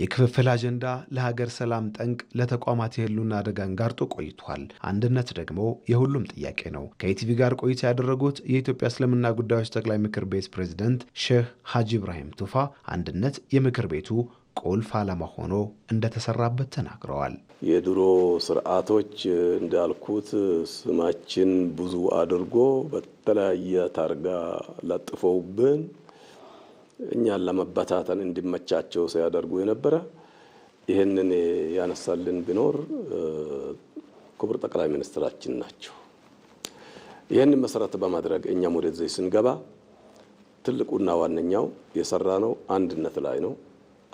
የክፍፍል አጀንዳ ለሀገር ሰላም ጠንቅ፣ ለተቋማት የህልውና አደጋን ጋርጦ ቆይቷል። አንድነት ደግሞ የሁሉም ጥያቄ ነው። ከኢቲቪ ጋር ቆይታ ያደረጉት የኢትዮጵያ እስልምና ጉዳዮች ጠቅላይ ምክር ቤት ፕሬዝደንት ሼህ ሀጂ ኢብራሂም ቱፋ አንድነት የምክር ቤቱ ቁልፍ ዓላማ ሆኖ እንደተሰራበት ተናግረዋል። የድሮ ስርዓቶች እንዳልኩት ስማችን ብዙ አድርጎ በተለያየ ታርጋ ለጥፈውብን እኛን ለመበታተን እንዲመቻቸው ሲያደርጉ የነበረ ይህንን ያነሳልን ቢኖር ክቡር ጠቅላይ ሚኒስትራችን ናቸው። ይህን መሰረት በማድረግ እኛም ወደዚህ ስንገባ ትልቁና ዋነኛው የሰራ ነው አንድነት ላይ ነው።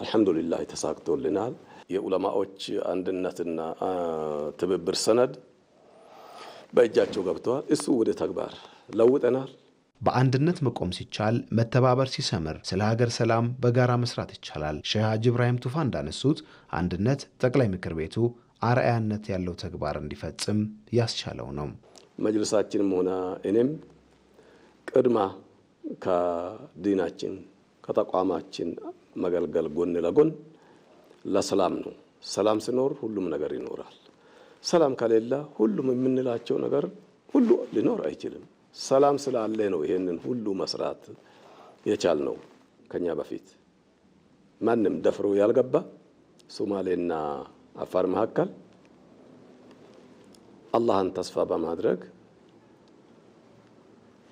አልሐምዱሊላህ ተሳክቶልናል። የኡለማዎች አንድነትና ትብብር ሰነድ በእጃቸው ገብተዋል። እሱ ወደ ተግባር ለውጠናል። በአንድነት መቆም ሲቻል፣ መተባበር ሲሰምር፣ ስለ ሀገር ሰላም በጋራ መስራት ይቻላል። ሼህ ሀጅ ኢብራሂም ቱፋ እንዳነሱት አንድነት ጠቅላይ ምክር ቤቱ አርአያነት ያለው ተግባር እንዲፈጽም ያስቻለው ነው። መጅልሳችንም ሆነ እኔም ቅድማ ከዲናችን ከተቋማችን መገልገል ጎን ለጎን ለሰላም ነው። ሰላም ሲኖር ሁሉም ነገር ይኖራል። ሰላም ከሌለ ሁሉም የምንላቸው ነገር ሁሉ ሊኖር አይችልም። ሰላም ስላለ ነው ይሄንን ሁሉ መስራት የቻል ነው። ከኛ በፊት ማንም ደፍሮ ያልገባ ሶማሌና አፋር መካከል አላህን ተስፋ በማድረግ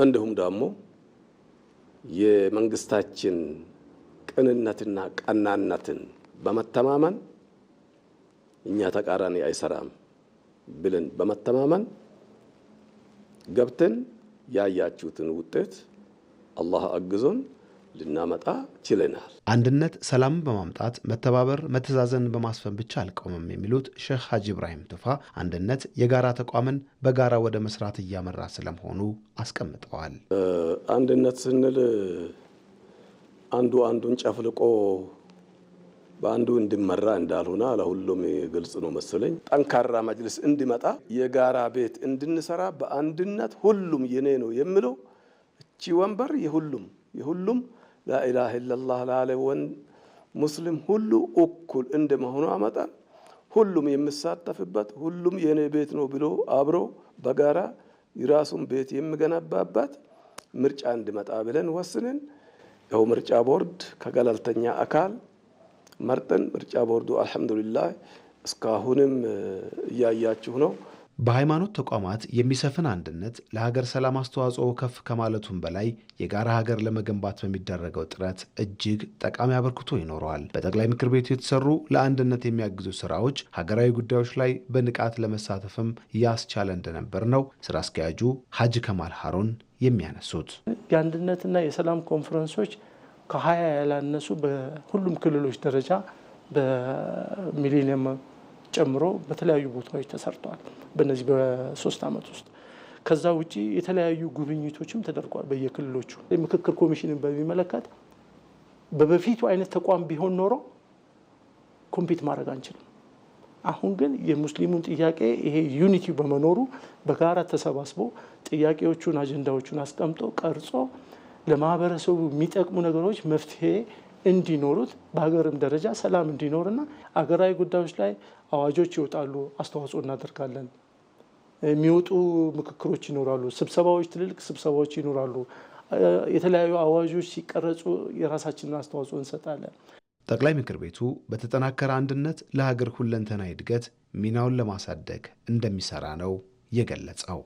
እንዲሁም ደግሞ የመንግስታችን ቅንነትና ቀናነትን በመተማመን እኛ ተቃራኒ አይሰራም ብለን በመተማመን ገብተን ያያችሁትን ውጤት አላህ አግዞን ልናመጣ ችለናል። አንድነት ሰላምን በማምጣት መተባበር፣ መተዛዘን በማስፈን ብቻ አልቆመም የሚሉት ሼህ ሀጂ ኢብራሂም ቱፋ አንድነት የጋራ ተቋምን በጋራ ወደ መስራት እያመራ ስለመሆኑ አስቀምጠዋል። አንድነት ስንል አንዱ አንዱን ጨፍልቆ በአንዱ እንዲመራ እንዳልሆነ ለሁሉም ግልጽ ነው መሰለኝ። ጠንካራ መጅልስ እንዲመጣ የጋራ ቤት እንድንሰራ በአንድነት ሁሉም የኔ ነው የሚለው እቺ ወንበር የሁሉም የሁሉም ላኢላህ ኢላላህ ላለ ሙስሊም ሁሉ እኩል እንደመሆኑ መጠን ሁሉም የሚሳተፍበት ሁሉም የኔ ቤት ነው ብሎ አብሮ በጋራ የራሱን ቤት የሚገነባበት ምርጫ እንዲመጣ ብለን ወስንን። ያው ምርጫ ቦርድ ከገለልተኛ አካል መርጠን ምርጫ ቦርዱ አልሐምዱሊላህ እስካሁንም እያያችሁ ነው። በሃይማኖት ተቋማት የሚሰፍን አንድነት ለሀገር ሰላም አስተዋጽኦ ከፍ ከማለቱም በላይ የጋራ ሀገር ለመገንባት በሚደረገው ጥረት እጅግ ጠቃሚ አበርክቶ ይኖረዋል። በጠቅላይ ምክር ቤቱ የተሰሩ ለአንድነት የሚያግዙ ስራዎች ሀገራዊ ጉዳዮች ላይ በንቃት ለመሳተፍም ያስቻለ እንደነበር ነው ስራ አስኪያጁ ሀጅ ከማል የሚያነሱት። የአንድነትና የሰላም ኮንፈረንሶች ከሀያ ያላነሱ በሁሉም ክልሎች ደረጃ በሚሊኒየም ጨምሮ በተለያዩ ቦታዎች ተሰርተዋል። በነዚህ በሶስት ዓመት ውስጥ ከዛ ውጪ የተለያዩ ጉብኝቶችም ተደርጓል በየክልሎቹ። የምክክር ኮሚሽንን በሚመለከት በበፊቱ አይነት ተቋም ቢሆን ኖሮ ኮምፒት ማድረግ አንችልም። አሁን ግን የሙስሊሙን ጥያቄ ይሄ ዩኒቲ በመኖሩ በጋራ ተሰባስቦ ጥያቄዎቹን አጀንዳዎቹን አስቀምጦ ቀርጾ ለማህበረሰቡ የሚጠቅሙ ነገሮች መፍትሄ እንዲኖሩት በሀገርም ደረጃ ሰላም እንዲኖርና አገራዊ ጉዳዮች ላይ አዋጆች ይወጣሉ፣ አስተዋጽኦ እናደርጋለን። የሚወጡ ምክክሮች ይኖራሉ፣ ስብሰባዎች፣ ትልልቅ ስብሰባዎች ይኖራሉ። የተለያዩ አዋጆች ሲቀረጹ የራሳችንን አስተዋጽኦ እንሰጣለን። ጠቅላይ ምክር ቤቱ በተጠናከረ አንድነት ለሀገር ሁለንተና እድገት ሚናውን ለማሳደግ እንደሚሰራ ነው የገለጸው።